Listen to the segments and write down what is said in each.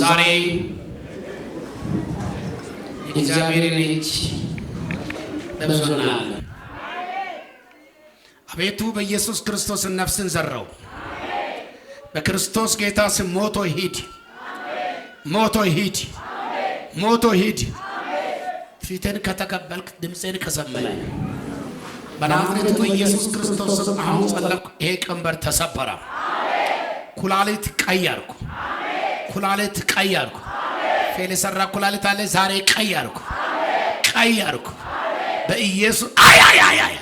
ዛሬ እግዚአብሔርን እጅ ለብሶናል። አቤቱ በኢየሱስ ክርስቶስ ነፍስን ዘራው። በክርስቶስ ጌታ ስም ሞቶ ሂድ፣ ሞቶ ሂድ፣ ሞቶ ሂድ። ፊትን ከተቀበልክ ድምፅን ከሰማኝ በናዝሬቱ ኢየሱስ ክርስቶስ አሁን ጸለቅ። ይሄ ቀንበር ተሰበረ። ኩላሊት ቀያርኩ። ኩላሊት ቀያርኩ። ፌል የሰራ ኩላሊት አለ ዛሬ ቀያርኩ። ቀያርኩ በኢየሱስ አያያያያ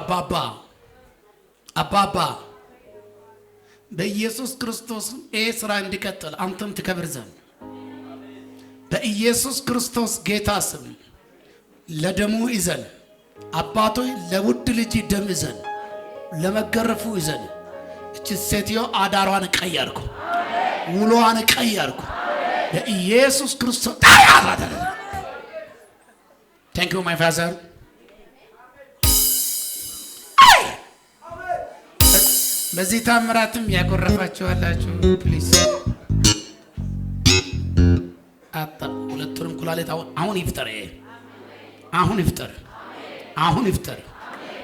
አባባ አባባ በኢየሱስ ክርስቶስ ይሄ ስራ እንዲቀጥል አንተም ትከብር ዘንድ በኢየሱስ ክርስቶስ ጌታ ስም ለደሙ ይዘን አባቶች ለውድ ልጅ ደም ይዘን ለመገረፉ ይዘን እቺ ሴትዮ አዳሯን ቀየርኩ፣ ውሎዋን ቀየርኩ። በኢየሱስ ክርስቶስ ታንክ ዩ ማይ ፋዘር። በዚህ ታምራትም ያጎረፋችኋላችሁ ፕሊዝ አጣ ሁለቱንም ኩላሊት አሁን አሁን ይፍጠር፣ አሁን ይፍጠር፣ አሁን ይፍጠር።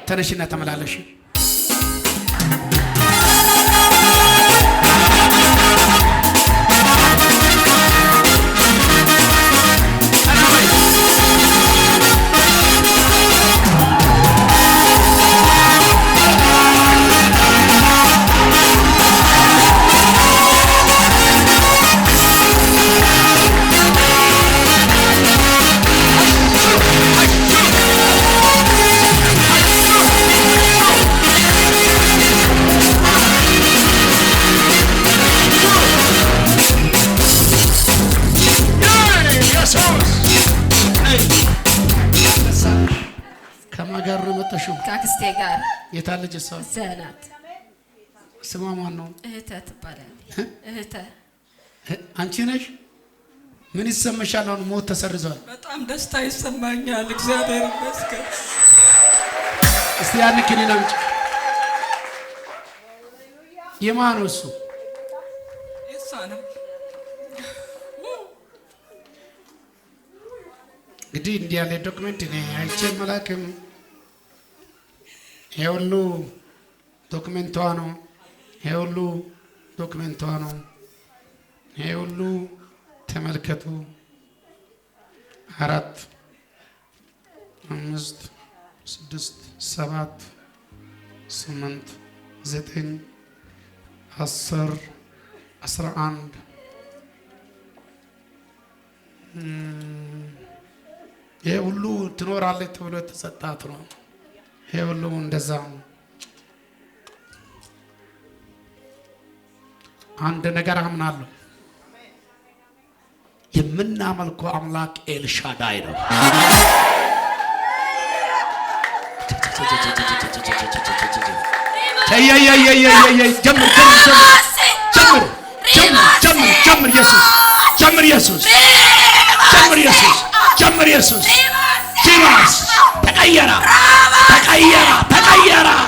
ተነሽና ተመላለሽ። የሰጠሽው ከአክስቴ ጋር የታ ልጅ እሷ ዘናት ስሟ ማን ነው? እህተ ትባላለች። እህተ አንቺ ነሽ? ምን ይሰማሻል? አሁን ሞት ተሰርዟል። በጣም ደስታ ይሰማኛል። እግዚአብሔር ይመስገን። እስቲ ያን ክኒን አምጪ። የማን ነው እሱ? የእሷ ነው። እንግዲህ እንዲህ ያለ ዶክመንት እኔ አይቼ መላክም ይሄ ሁሉ ዶክሜንቷ ነው። ይሄ ሁሉ ዶክሜንቷ ነው። ይሄ ሁሉ ተመልከቱ። አራት አምስት ስድስት ሰባት ስምንት ዘጠኝ አስር አስራ አንድ ይሄ ሁሉ ትኖራለች ተብሎ የተሰጣት ነው። ይሄ ሁሉም እንደዛ ነው። አንድ ነገር አምናለሁ። የምናመልከው አምላክ ኤልሻዳይ ነው። ጀምር ኢየሱስ፣ ጀምር ኢየሱስ፣ ጀምር ኢየሱስ። ተቀየረ ተቀየረ ተቀየረ